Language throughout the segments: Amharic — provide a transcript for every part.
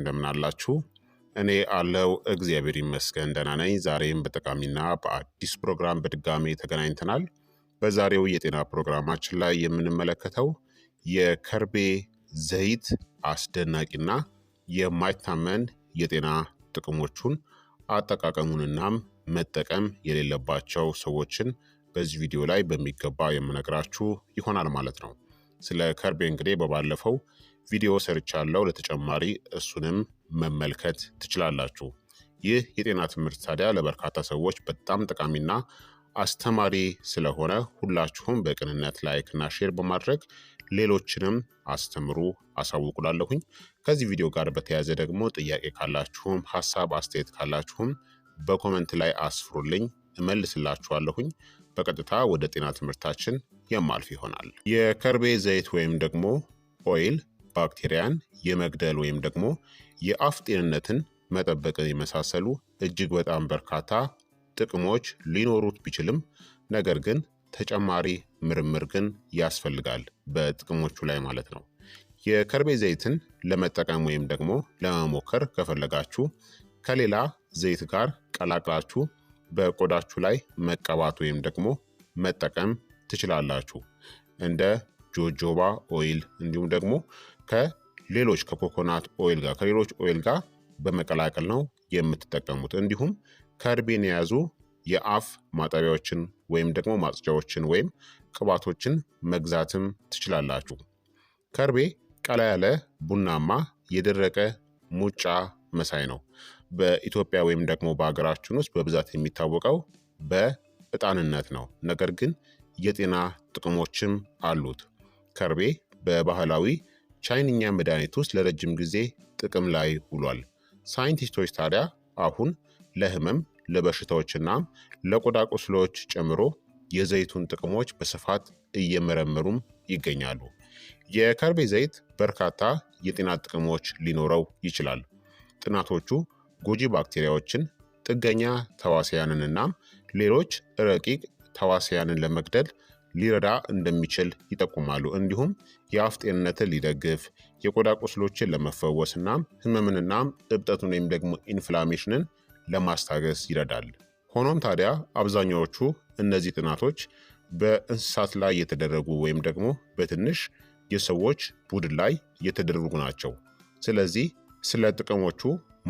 እንደምናላችሁ እኔ አለው እግዚአብሔር ይመስገን ደህና ነኝ። ዛሬም በጠቃሚና በአዲስ ፕሮግራም በድጋሜ ተገናኝተናል። በዛሬው የጤና ፕሮግራማችን ላይ የምንመለከተው የከርቤ ዘይት አስደናቂና የማይታመን የጤና ጥቅሞቹን አጠቃቀሙንናም መጠቀም የሌለባቸው ሰዎችን በዚህ ቪዲዮ ላይ በሚገባ የምነግራችሁ ይሆናል ማለት ነው። ስለ ከርቤ እንግዲህ በባለፈው ቪዲዮ ሰርቻለሁ። ለተጨማሪ እሱንም መመልከት ትችላላችሁ። ይህ የጤና ትምህርት ታዲያ ለበርካታ ሰዎች በጣም ጠቃሚና አስተማሪ ስለሆነ ሁላችሁም በቅንነት ላይክና ሼር በማድረግ ሌሎችንም አስተምሩ አሳውቁላለሁኝ። ከዚህ ቪዲዮ ጋር በተያያዘ ደግሞ ጥያቄ ካላችሁም ሀሳብ አስተያየት ካላችሁም በኮመንት ላይ አስፍሩልኝ እመልስላችኋለሁኝ። በቀጥታ ወደ ጤና ትምህርታችን የማልፍ ይሆናል። የከርቤ ዘይት ወይም ደግሞ ኦይል ባክቴሪያን የመግደል ወይም ደግሞ የአፍ ጤንነትን መጠበቅን የመሳሰሉ እጅግ በጣም በርካታ ጥቅሞች ሊኖሩት ቢችልም ነገር ግን ተጨማሪ ምርምር ግን ያስፈልጋል በጥቅሞቹ ላይ ማለት ነው። የከርቤ ዘይትን ለመጠቀም ወይም ደግሞ ለመሞከር ከፈለጋችሁ ከሌላ ዘይት ጋር ቀላቅላችሁ በቆዳችሁ ላይ መቀባት ወይም ደግሞ መጠቀም ትችላላችሁ። እንደ ጆጆባ ኦይል እንዲሁም ደግሞ ከሌሎች ከኮኮናት ኦይል ጋር ከሌሎች ኦይል ጋር በመቀላቀል ነው የምትጠቀሙት። እንዲሁም ከርቤን የያዙ የአፍ ማጠቢያዎችን ወይም ደግሞ ማጽጃዎችን ወይም ቅባቶችን መግዛትም ትችላላችሁ። ከርቤ ቀላ ያለ ቡናማ የደረቀ ሙጫ መሳይ ነው። በኢትዮጵያ ወይም ደግሞ በሀገራችን ውስጥ በብዛት የሚታወቀው በእጣንነት ነው። ነገር ግን የጤና ጥቅሞችም አሉት። ከርቤ በባህላዊ ቻይንኛ መድኃኒት ውስጥ ለረጅም ጊዜ ጥቅም ላይ ውሏል። ሳይንቲስቶች ታዲያ አሁን ለህመም ለበሽታዎችና ለቆዳ ቁስሎች ጨምሮ የዘይቱን ጥቅሞች በስፋት እየመረመሩም ይገኛሉ። የከርቤ ዘይት በርካታ የጤና ጥቅሞች ሊኖረው ይችላል። ጥናቶቹ ጎጂ ባክቴሪያዎችን፣ ጥገኛ ተዋሲያንንና ሌሎች ረቂቅ ተዋሲያንን ለመግደል ሊረዳ እንደሚችል ይጠቁማሉ። እንዲሁም የአፍ ጤንነትን ሊደግፍ የቆዳ ቁስሎችን ለመፈወስ እናም ህመምንና እብጠቱን ወይም ደግሞ ኢንፍላሜሽንን ለማስታገስ ይረዳል። ሆኖም ታዲያ አብዛኛዎቹ እነዚህ ጥናቶች በእንስሳት ላይ የተደረጉ ወይም ደግሞ በትንሽ የሰዎች ቡድን ላይ የተደረጉ ናቸው። ስለዚህ ስለ ጥቅሞቹ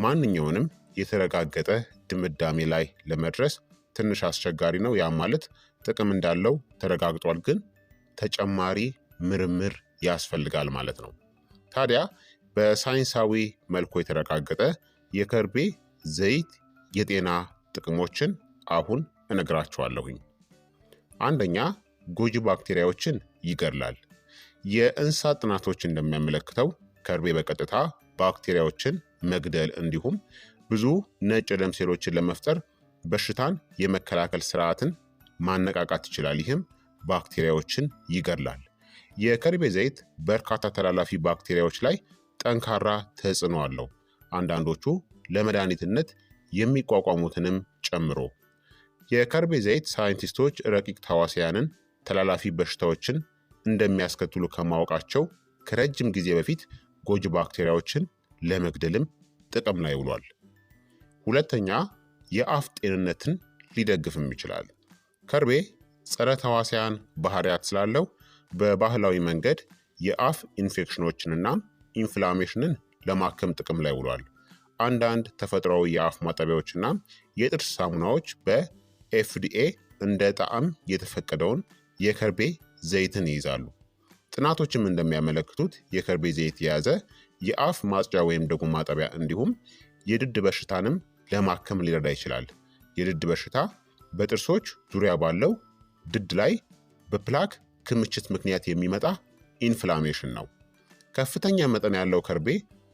ማንኛውንም የተረጋገጠ ድምዳሜ ላይ ለመድረስ ትንሽ አስቸጋሪ ነው። ያም ማለት ጥቅም እንዳለው ተረጋግጧል፣ ግን ተጨማሪ ምርምር ያስፈልጋል ማለት ነው። ታዲያ በሳይንሳዊ መልኩ የተረጋገጠ የከርቤ ዘይት የጤና ጥቅሞችን አሁን እነግራችኋለሁኝ። አንደኛ ጎጂ ባክቴሪያዎችን ይገድላል። የእንስሳት ጥናቶች እንደሚያመለክተው ከርቤ በቀጥታ ባክቴሪያዎችን መግደል እንዲሁም ብዙ ነጭ ደም ሴሎችን ለመፍጠር በሽታን የመከላከል ስርዓትን ማነቃቃት ይችላል። ይህም ባክቴሪያዎችን ይገድላል። የከርቤ ዘይት በርካታ ተላላፊ ባክቴሪያዎች ላይ ጠንካራ ተጽዕኖ አለው። አንዳንዶቹ ለመድኃኒትነት የሚቋቋሙትንም ጨምሮ የከርቤ ዘይት ሳይንቲስቶች ረቂቅ ታዋሲያንን ተላላፊ በሽታዎችን እንደሚያስከትሉ ከማወቃቸው ከረጅም ጊዜ በፊት ጎጂ ባክቴሪያዎችን ለመግደልም ጥቅም ላይ ውሏል። ሁለተኛ የአፍ ጤንነትን ሊደግፍም ይችላል። ከርቤ ጸረ ተዋሲያን ባህሪያት ስላለው በባህላዊ መንገድ የአፍ ኢንፌክሽኖችንና ኢንፍላሜሽንን ለማከም ጥቅም ላይ ውሏል። አንዳንድ ተፈጥሯዊ የአፍ ማጠቢያዎችና የጥርስ ሳሙናዎች በኤፍዲኤ እንደ ጣዕም የተፈቀደውን የከርቤ ዘይትን ይይዛሉ። ጥናቶችም እንደሚያመለክቱት የከርቤ ዘይት የያዘ የአፍ ማጽጃ ወይም ደግሞ ማጠቢያ እንዲሁም የድድ በሽታንም ለማከም ሊረዳ ይችላል። የድድ በሽታ በጥርሶች ዙሪያ ባለው ድድ ላይ በፕላክ ክምችት ምክንያት የሚመጣ ኢንፍላሜሽን ነው። ከፍተኛ መጠን ያለው ከርቤ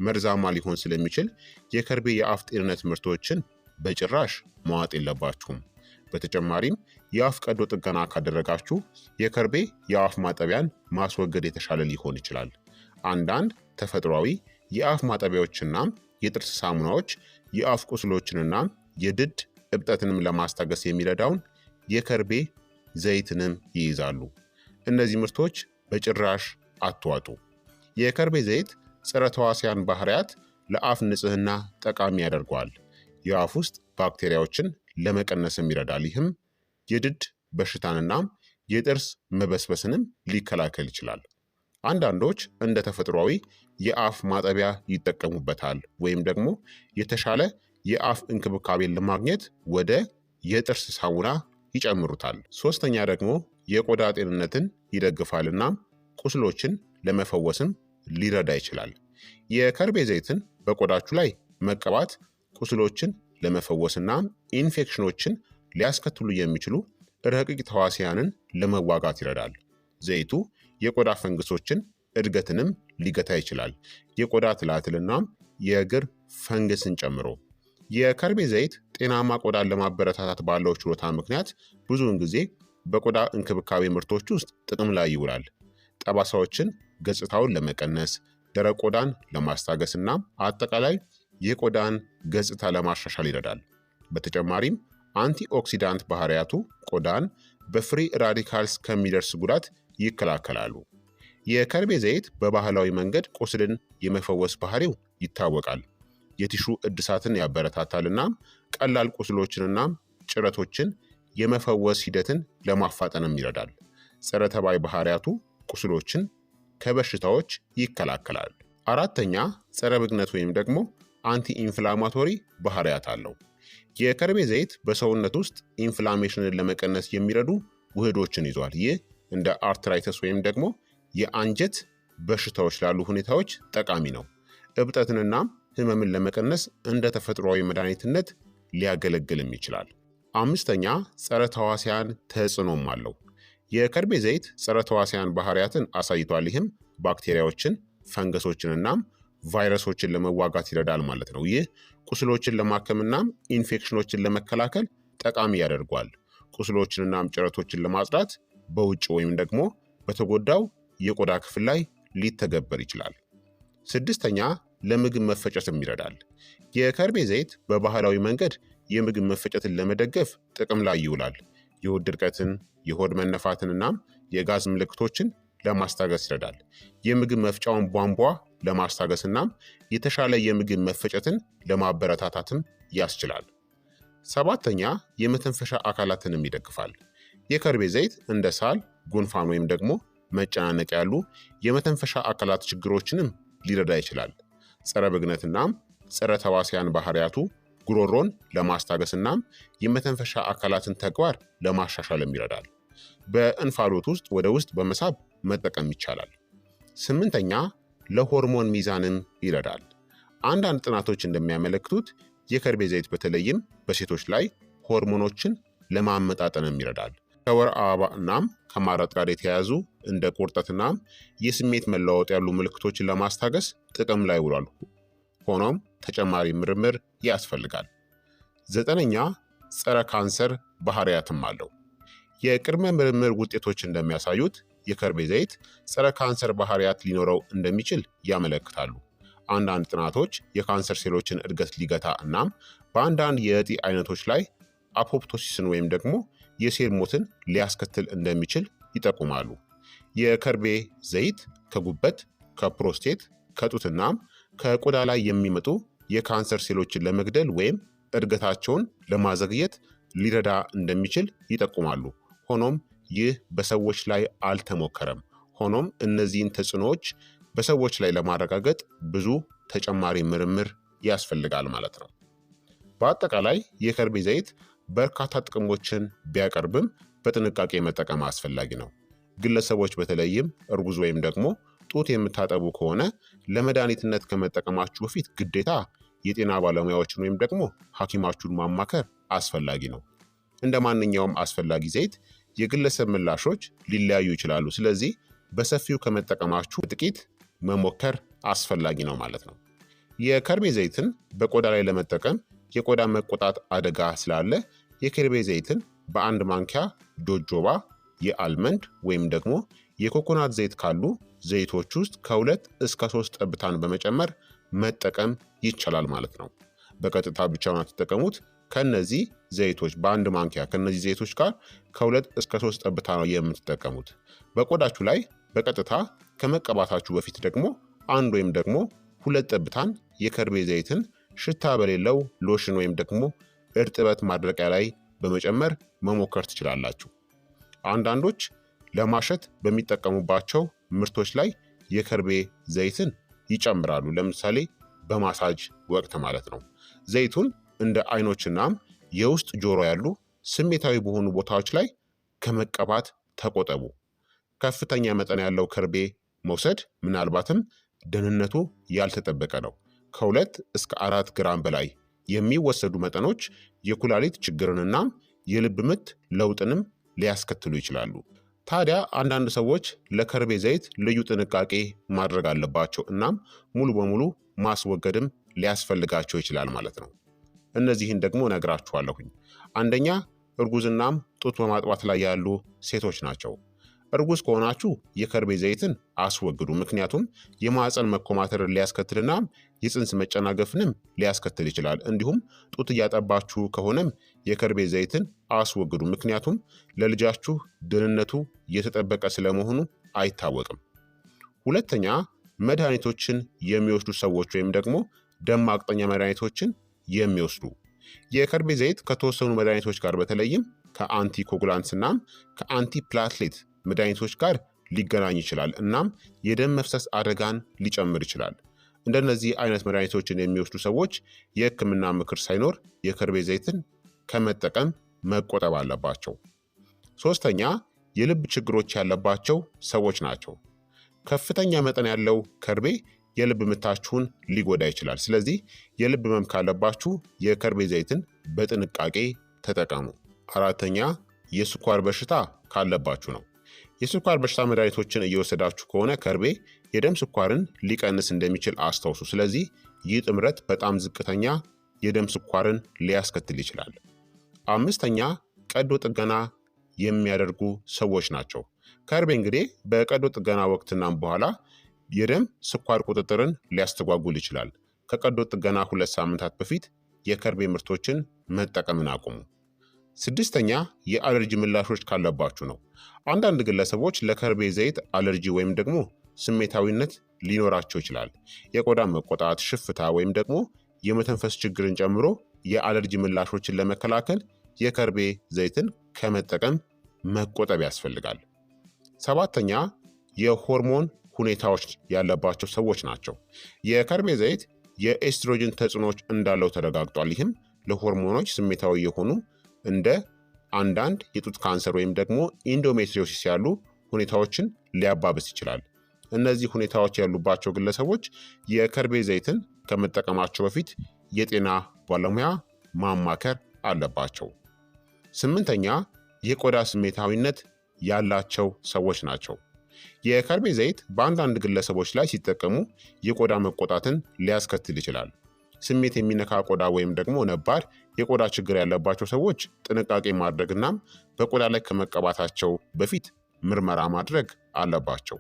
መርዛማ ሊሆን ስለሚችል የከርቤ የአፍ ጤንነት ምርቶችን በጭራሽ መዋጥ የለባችሁም። በተጨማሪም የአፍ ቀዶ ጥገና ካደረጋችሁ የከርቤ የአፍ ማጠቢያን ማስወገድ የተሻለ ሊሆን ይችላል። አንዳንድ ተፈጥሯዊ የአፍ ማጠቢያዎችና የጥርስ ሳሙናዎች የአፍ ቁስሎችንና የድድ እብጠትንም ለማስታገስ የሚረዳውን የከርቤ ዘይትንም ይይዛሉ። እነዚህ ምርቶች በጭራሽ አትዋጡ። የከርቤ ዘይት ጸረ ተዋሲያን ባህሪያት ለአፍ ንጽህና ጠቃሚ ያደርገዋል። የአፍ ውስጥ ባክቴሪያዎችን ለመቀነስም ይረዳል። ይህም የድድ በሽታንናም የጥርስ መበስበስንም ሊከላከል ይችላል። አንዳንዶች እንደ ተፈጥሯዊ የአፍ ማጠቢያ ይጠቀሙበታል ወይም ደግሞ የተሻለ የአፍ እንክብካቤን ለማግኘት ወደ የጥርስ ሳሙና ይጨምሩታል። ሶስተኛ ደግሞ የቆዳ ጤንነትን ይደግፋል እናም ቁስሎችን ለመፈወስም ሊረዳ ይችላል። የከርቤ ዘይትን በቆዳችሁ ላይ መቀባት ቁስሎችን ለመፈወስ ኢንፌክሽኖችን ሊያስከትሉ የሚችሉ ረቂቅ ተዋሲያንን ለመዋጋት ይረዳል። ዘይቱ የቆዳ ፈንግሶችን እድገትንም ሊገታ ይችላል። የቆዳ ትላትልናም የእግር ፈንግስን ጨምሮ የከርቤ ዘይት ጤናማ ቆዳን ለማበረታታት ባለው ችሎታ ምክንያት ብዙውን ጊዜ በቆዳ እንክብካቤ ምርቶች ውስጥ ጥቅም ላይ ይውላል። ጠባሳዎችን ገጽታውን ለመቀነስ፣ ደረቅ ቆዳን ለማስታገስ እና አጠቃላይ የቆዳን ገጽታ ለማሻሻል ይረዳል። በተጨማሪም አንቲኦክሲዳንት ባህሪያቱ ቆዳን በፍሪ ራዲካልስ ከሚደርስ ጉዳት ይከላከላሉ። የከርቤ ዘይት በባህላዊ መንገድ ቁስልን የመፈወስ ባህሪው ይታወቃል። የቲሹ እድሳትን ያበረታታልና ቀላል ቁስሎችንና ጭረቶችን የመፈወስ ሂደትን ለማፋጠንም ይረዳል። ጸረ ተባይ ባህሪያቱ ቁስሎችን ከበሽታዎች ይከላከላል። አራተኛ ጸረ ብግነት ወይም ደግሞ አንቲ ኢንፍላማቶሪ ባህሪያት አለው። የከርቤ ዘይት በሰውነት ውስጥ ኢንፍላሜሽንን ለመቀነስ የሚረዱ ውህዶችን ይዟል። ይህ እንደ አርትራይተስ ወይም ደግሞ የአንጀት በሽታዎች ላሉ ሁኔታዎች ጠቃሚ ነው። እብጠትንናም ህመምን ለመቀነስ እንደ ተፈጥሯዊ መድኃኒትነት ሊያገለግልም ይችላል። አምስተኛ ጸረ ተዋሲያን ተጽዕኖም አለው። የከርቤ ዘይት ጸረ ተዋሲያን ባህሪያትን አሳይቷል። ይህም ባክቴሪያዎችን፣ ፈንገሶችን እናም ቫይረሶችን ለመዋጋት ይረዳል ማለት ነው። ይህ ቁስሎችን እናም ኢንፌክሽኖችን ለመከላከል ጠቃሚ ያደርጓል። ቁስሎችንናም ጭረቶችን ለማጽዳት በውጭ ወይም ደግሞ በተጎዳው የቆዳ ክፍል ላይ ሊተገበር ይችላል። ስድስተኛ ለምግብ መፈጨትም ይረዳል። የከርቤ ዘይት በባህላዊ መንገድ የምግብ መፈጨትን ለመደገፍ ጥቅም ላይ ይውላል። የሆድ ድርቀትን፣ የሆድ መነፋትን እናም የጋዝ ምልክቶችን ለማስታገስ ይረዳል። የምግብ መፍጫውን ቧንቧ ለማስታገስ እናም የተሻለ የምግብ መፈጨትን ለማበረታታትም ያስችላል። ሰባተኛ የመተንፈሻ አካላትንም ይደግፋል። የከርቤ ዘይት እንደ ሳል፣ ጉንፋን ወይም ደግሞ መጨናነቅ ያሉ የመተንፈሻ አካላት ችግሮችንም ሊረዳ ይችላል። ጸረ ብግነትናም ጸረ ተዋሲያን ባህሪያቱ ጉሮሮን ለማስታገስናም የመተንፈሻ አካላትን ተግባር ለማሻሻልም ይረዳል። በእንፋሎት ውስጥ ወደ ውስጥ በመሳብ መጠቀም ይቻላል። ስምንተኛ ለሆርሞን ሚዛንም ይረዳል። አንዳንድ ጥናቶች እንደሚያመለክቱት የከርቤ ዘይት በተለይም በሴቶች ላይ ሆርሞኖችን ለማመጣጠንም ይረዳል። ከወር አበባ እናም ከማረጥ ጋር የተያያዙ እንደ ቁርጠትና የስሜት መለዋወጥ ያሉ ምልክቶችን ለማስታገስ ጥቅም ላይ ውሏል። ሆኖም ተጨማሪ ምርምር ያስፈልጋል። ዘጠነኛ ጸረ ካንሰር ባህሪያትም አለው። የቅድመ ምርምር ውጤቶች እንደሚያሳዩት የከርቤ ዘይት ጸረ ካንሰር ባህሪያት ሊኖረው እንደሚችል ያመለክታሉ። አንዳንድ ጥናቶች የካንሰር ሴሎችን እድገት ሊገታ እናም በአንዳንድ የእጢ አይነቶች ላይ አፖፕቶሲስን ወይም ደግሞ የሴል ሞትን ሊያስከትል እንደሚችል ይጠቁማሉ። የከርቤ ዘይት ከጉበት፣ ከፕሮስቴት፣ ከጡትና ከቆዳ ላይ የሚመጡ የካንሰር ሴሎችን ለመግደል ወይም እድገታቸውን ለማዘግየት ሊረዳ እንደሚችል ይጠቁማሉ። ሆኖም ይህ በሰዎች ላይ አልተሞከረም። ሆኖም እነዚህን ተጽዕኖዎች በሰዎች ላይ ለማረጋገጥ ብዙ ተጨማሪ ምርምር ያስፈልጋል ማለት ነው። በአጠቃላይ የከርቤ ዘይት በርካታ ጥቅሞችን ቢያቀርብም በጥንቃቄ መጠቀም አስፈላጊ ነው። ግለሰቦች በተለይም እርጉዝ ወይም ደግሞ ጡት የምታጠቡ ከሆነ ለመድኃኒትነት ከመጠቀማችሁ በፊት ግዴታ የጤና ባለሙያዎችን ወይም ደግሞ ሐኪማችሁን ማማከር አስፈላጊ ነው። እንደ ማንኛውም አስፈላጊ ዘይት የግለሰብ ምላሾች ሊለያዩ ይችላሉ። ስለዚህ በሰፊው ከመጠቀማችሁ ጥቂት መሞከር አስፈላጊ ነው ማለት ነው። የከርቤ ዘይትን በቆዳ ላይ ለመጠቀም የቆዳ መቆጣት አደጋ ስላለ የከርቤ ዘይትን በአንድ ማንኪያ ጆጆባ የአልመንድ ወይም ደግሞ የኮኮናት ዘይት ካሉ ዘይቶች ውስጥ ከሁለት እስከ ሶስት ጠብታን በመጨመር መጠቀም ይቻላል ማለት ነው። በቀጥታ ብቻውን አትጠቀሙት። ከነዚህ ዘይቶች በአንድ ማንኪያ ከነዚህ ዘይቶች ጋር ከሁለት እስከ ሶስት ጠብታ ነው የምትጠቀሙት። በቆዳችሁ ላይ በቀጥታ ከመቀባታችሁ በፊት ደግሞ አንድ ወይም ደግሞ ሁለት ጠብታን የከርቤ ዘይትን ሽታ በሌለው ሎሽን ወይም ደግሞ እርጥበት ማድረቂያ ላይ በመጨመር መሞከር ትችላላችሁ። አንዳንዶች ለማሸት በሚጠቀሙባቸው ምርቶች ላይ የከርቤ ዘይትን ይጨምራሉ። ለምሳሌ በማሳጅ ወቅት ማለት ነው። ዘይቱን እንደ አይኖችናም የውስጥ ጆሮ ያሉ ስሜታዊ በሆኑ ቦታዎች ላይ ከመቀባት ተቆጠቡ። ከፍተኛ መጠን ያለው ከርቤ መውሰድ ምናልባትም ደህንነቱ ያልተጠበቀ ነው። ከሁለት እስከ አራት ግራም በላይ የሚወሰዱ መጠኖች የኩላሊት ችግርንና የልብ ምት ለውጥንም ሊያስከትሉ ይችላሉ። ታዲያ አንዳንድ ሰዎች ለከርቤ ዘይት ልዩ ጥንቃቄ ማድረግ አለባቸው፣ እናም ሙሉ በሙሉ ማስወገድም ሊያስፈልጋቸው ይችላል ማለት ነው። እነዚህን ደግሞ ነግራችኋለሁኝ። አንደኛ እርጉዝናም ጡት በማጥባት ላይ ያሉ ሴቶች ናቸው። እርጉዝ ከሆናችሁ የከርቤ ዘይትን አስወግዱ፣ ምክንያቱም የማዕፀን መኮማተርን ሊያስከትልናም የፅንስ መጨናገፍንም ሊያስከትል ይችላል። እንዲሁም ጡት እያጠባችሁ ከሆነም የከርቤ ዘይትን አስወግዱ። ምክንያቱም ለልጃችሁ ደህንነቱ የተጠበቀ ስለመሆኑ አይታወቅም። ሁለተኛ መድኃኒቶችን የሚወስዱ ሰዎች ወይም ደግሞ ደም ማቅጠኛ መድኃኒቶችን የሚወስዱ የከርቤ ዘይት ከተወሰኑ መድኃኒቶች ጋር በተለይም ከአንቲኮጉላንት እናም ከአንቲፕላትሌት መድኃኒቶች ጋር ሊገናኝ ይችላል። እናም የደም መፍሰስ አደጋን ሊጨምር ይችላል። እንደነዚህ አይነት መድኃኒቶችን የሚወስዱ ሰዎች የህክምና ምክር ሳይኖር የከርቤ ዘይትን ከመጠቀም መቆጠብ አለባቸው። ሶስተኛ የልብ ችግሮች ያለባቸው ሰዎች ናቸው። ከፍተኛ መጠን ያለው ከርቤ የልብ ምታችሁን ሊጎዳ ይችላል። ስለዚህ የልብ ህመም ካለባችሁ የከርቤ ዘይትን በጥንቃቄ ተጠቀሙ። አራተኛ የስኳር በሽታ ካለባችሁ ነው። የስኳር በሽታ መድኃኒቶችን እየወሰዳችሁ ከሆነ ከርቤ የደም ስኳርን ሊቀንስ እንደሚችል አስታውሱ። ስለዚህ ይህ ጥምረት በጣም ዝቅተኛ የደም ስኳርን ሊያስከትል ይችላል። አምስተኛ ቀዶ ጥገና የሚያደርጉ ሰዎች ናቸው። ከርቤ እንግዲህ በቀዶ ጥገና ወቅትናም በኋላ የደም ስኳር ቁጥጥርን ሊያስተጓጉል ይችላል። ከቀዶ ጥገና ሁለት ሳምንታት በፊት የከርቤ ምርቶችን መጠቀምን አቁሙ። ስድስተኛ የአለርጂ ምላሾች ካለባችሁ ነው። አንዳንድ ግለሰቦች ለከርቤ ዘይት አለርጂ ወይም ደግሞ ስሜታዊነት ሊኖራቸው ይችላል። የቆዳ መቆጣት፣ ሽፍታ ወይም ደግሞ የመተንፈስ ችግርን ጨምሮ የአለርጂ ምላሾችን ለመከላከል የከርቤ ዘይትን ከመጠቀም መቆጠብ ያስፈልጋል። ሰባተኛ የሆርሞን ሁኔታዎች ያለባቸው ሰዎች ናቸው። የከርቤ ዘይት የኤስትሮጅን ተጽዕኖዎች እንዳለው ተረጋግጧል። ይህም ለሆርሞኖች ስሜታዊ የሆኑ እንደ አንዳንድ የጡት ካንሰር ወይም ደግሞ ኢንዶሜትሪዮሲስ ያሉ ሁኔታዎችን ሊያባብስ ይችላል። እነዚህ ሁኔታዎች ያሉባቸው ግለሰቦች የከርቤ ዘይትን ከመጠቀማቸው በፊት የጤና ባለሙያ ማማከር አለባቸው። ስምንተኛ የቆዳ ስሜታዊነት ያላቸው ሰዎች ናቸው። የከርቤ ዘይት በአንዳንድ ግለሰቦች ላይ ሲጠቀሙ የቆዳ መቆጣትን ሊያስከትል ይችላል። ስሜት የሚነካ ቆዳ ወይም ደግሞ ነባር የቆዳ ችግር ያለባቸው ሰዎች ጥንቃቄ ማድረግናም በቆዳ ላይ ከመቀባታቸው በፊት ምርመራ ማድረግ አለባቸው።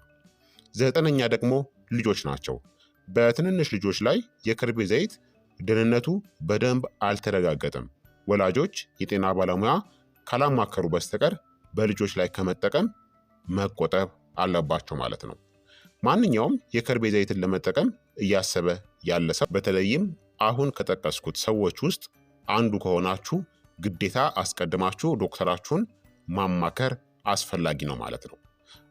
ዘጠነኛ ደግሞ ልጆች ናቸው። በትንንሽ ልጆች ላይ የከርቤ ዘይት ደህንነቱ በደንብ አልተረጋገጠም። ወላጆች የጤና ባለሙያ ካላማከሩ በስተቀር በልጆች ላይ ከመጠቀም መቆጠብ አለባቸው ማለት ነው። ማንኛውም የከርቤ ዘይትን ለመጠቀም እያሰበ ያለ ሰው በተለይም አሁን ከጠቀስኩት ሰዎች ውስጥ አንዱ ከሆናችሁ ግዴታ አስቀድማችሁ ዶክተራችሁን ማማከር አስፈላጊ ነው ማለት ነው።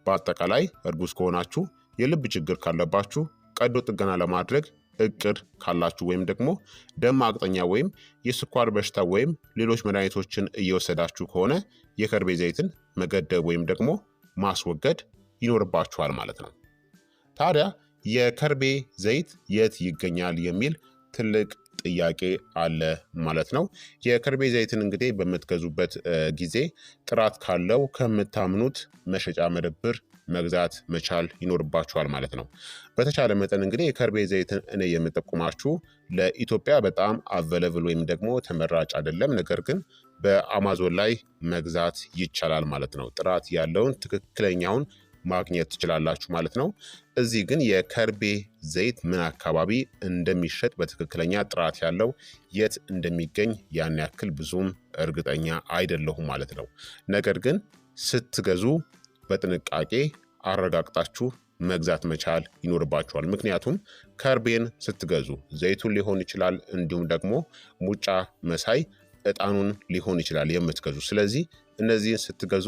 በአጠቃላይ እርጉዝ ከሆናችሁ፣ የልብ ችግር ካለባችሁ ቀዶ ጥገና ለማድረግ እቅድ ካላችሁ ወይም ደግሞ ደም አቅጠኛ ወይም የስኳር በሽታ ወይም ሌሎች መድኃኒቶችን እየወሰዳችሁ ከሆነ የከርቤ ዘይትን መገደብ ወይም ደግሞ ማስወገድ ይኖርባችኋል ማለት ነው። ታዲያ የከርቤ ዘይት የት ይገኛል የሚል ትልቅ ጥያቄ አለ ማለት ነው። የከርቤ ዘይትን እንግዲህ በምትገዙበት ጊዜ ጥራት ካለው ከምታምኑት መሸጫ መደብር መግዛት መቻል ይኖርባችኋል ማለት ነው። በተቻለ መጠን እንግዲህ የከርቤ ዘይትን እኔ የምጠቁማችሁ ለኢትዮጵያ በጣም አቨለብል ወይም ደግሞ ተመራጭ አይደለም፣ ነገር ግን በአማዞን ላይ መግዛት ይቻላል ማለት ነው። ጥራት ያለውን ትክክለኛውን ማግኘት ትችላላችሁ ማለት ነው። እዚህ ግን የከርቤ ዘይት ምን አካባቢ እንደሚሸጥ በትክክለኛ ጥራት ያለው የት እንደሚገኝ ያን ያክል ብዙም እርግጠኛ አይደለሁም ማለት ነው። ነገር ግን ስትገዙ በጥንቃቄ አረጋግጣችሁ መግዛት መቻል ይኖርባችኋል። ምክንያቱም ከርቤን ስትገዙ ዘይቱን ሊሆን ይችላል፣ እንዲሁም ደግሞ ሙጫ መሳይ እጣኑን ሊሆን ይችላል የምትገዙ። ስለዚህ እነዚህን ስትገዙ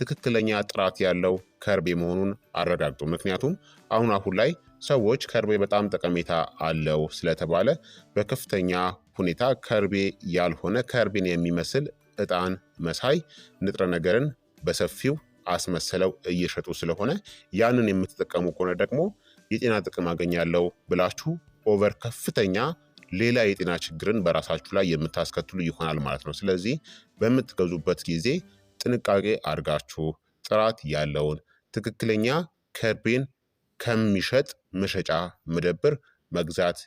ትክክለኛ ጥራት ያለው ከርቤ መሆኑን አረጋግጡ። ምክንያቱም አሁን አሁን ላይ ሰዎች ከርቤ በጣም ጠቀሜታ አለው ስለተባለ በከፍተኛ ሁኔታ ከርቤ ያልሆነ ከርቤን የሚመስል እጣን መሳይ ንጥረ ነገርን በሰፊው አስመሰለው እየሸጡ ስለሆነ ያንን የምትጠቀሙ ከሆነ ደግሞ የጤና ጥቅም አገኛለሁ ብላችሁ ኦቨር ከፍተኛ ሌላ የጤና ችግርን በራሳችሁ ላይ የምታስከትሉ ይሆናል ማለት ነው። ስለዚህ በምትገዙበት ጊዜ ጥንቃቄ አድርጋችሁ ጥራት ያለውን ትክክለኛ ከርቤን ከሚሸጥ መሸጫ መደብር መግዛት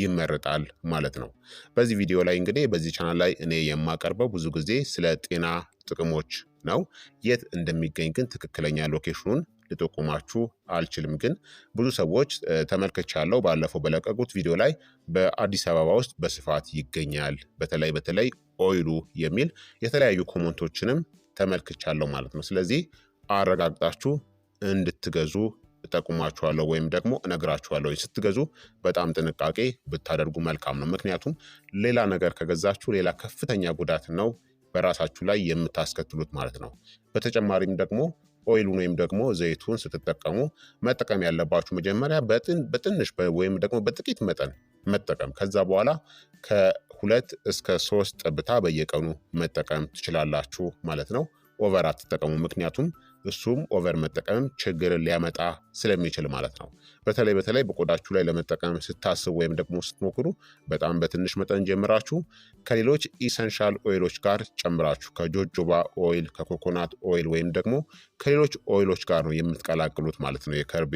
ይመረጣል ማለት ነው። በዚህ ቪዲዮ ላይ እንግዲህ በዚህ ቻናል ላይ እኔ የማቀርበው ብዙ ጊዜ ስለ ጤና ጥቅሞች ነው። የት እንደሚገኝ ግን ትክክለኛ ሎኬሽኑን ልጠቁማችሁ አልችልም። ግን ብዙ ሰዎች ተመልክቻለሁ። ባለፈው በለቀቁት ቪዲዮ ላይ በአዲስ አበባ ውስጥ በስፋት ይገኛል፣ በተለይ በተለይ ኦይሉ የሚል የተለያዩ ኮመንቶችንም ተመልክቻለሁ ማለት ነው። ስለዚህ አረጋግጣችሁ እንድትገዙ እጠቁማችኋለሁ ወይም ደግሞ እነግራችኋለሁ። ስትገዙ በጣም ጥንቃቄ ብታደርጉ መልካም ነው። ምክንያቱም ሌላ ነገር ከገዛችሁ ሌላ ከፍተኛ ጉዳት ነው በራሳችሁ ላይ የምታስከትሉት ማለት ነው። በተጨማሪም ደግሞ ኦይሉን ወይም ደግሞ ዘይቱን ስትጠቀሙ መጠቀም ያለባችሁ መጀመሪያ በትንሽ ወይም ደግሞ በጥቂት መጠን መጠቀም ከዛ በኋላ ከሁለት እስከ ሶስት ጠብታ በየቀኑ መጠቀም ትችላላችሁ ማለት ነው። ኦቨር አትጠቀሙ፣ ምክንያቱም እሱም ኦቨር መጠቀምም ችግርን ሊያመጣ ስለሚችል ማለት ነው። በተለይ በተለይ በቆዳችሁ ላይ ለመጠቀም ስታስቡ ወይም ደግሞ ስትሞክሩ በጣም በትንሽ መጠን ጀምራችሁ ከሌሎች ኢሰንሻል ኦይሎች ጋር ጨምራችሁ ከጆጆባ ኦይል፣ ከኮኮናት ኦይል ወይም ደግሞ ከሌሎች ኦይሎች ጋር ነው የምትቀላቅሉት ማለት ነው። የከርቤ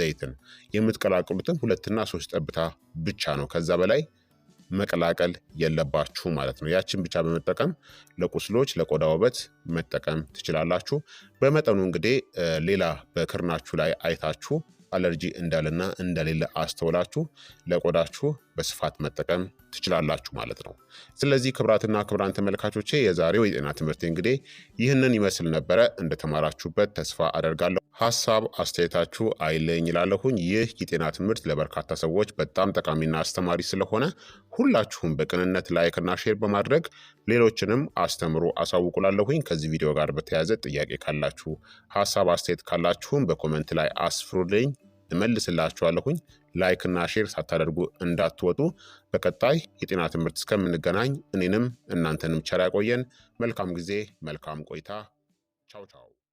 ዘይትን የምትቀላቅሉትም ሁለትና ሶስት ጠብታ ብቻ ነው። ከዛ በላይ መቀላቀል የለባችሁ ማለት ነው። ያችን ብቻ በመጠቀም ለቁስሎች፣ ለቆዳ ውበት መጠቀም ትችላላችሁ። በመጠኑ እንግዲህ ሌላ በክርናችሁ ላይ አይታችሁ አለርጂ እንዳለና እንደሌለ አስተውላችሁ ለቆዳችሁ በስፋት መጠቀም ትችላላችሁ ማለት ነው። ስለዚህ ክብራትና ክብራን ተመልካቾቼ የዛሬው የጤና ትምህርት እንግዲህ ይህንን ይመስል ነበረ። እንደተማራችሁበት ተስፋ አደርጋለሁ። ሀሳብ አስተያየታችሁ አይለኝ ይላለሁኝ። ይህ የጤና ትምህርት ለበርካታ ሰዎች በጣም ጠቃሚና አስተማሪ ስለሆነ ሁላችሁም በቅንነት ላይክና ሼር በማድረግ ሌሎችንም አስተምሩ አሳውቁላለሁኝ። ከዚህ ቪዲዮ ጋር በተያያዘ ጥያቄ ካላችሁ፣ ሀሳብ አስተያየት ካላችሁም በኮመንት ላይ አስፍሩልኝ፣ እመልስላችኋለሁኝ። ላይክና ሼር ሳታደርጉ እንዳትወጡ። በቀጣይ የጤና ትምህርት እስከምንገናኝ እኔንም እናንተንም ቸር ያቆየን። መልካም ጊዜ፣ መልካም ቆይታ። ቻው ቻው።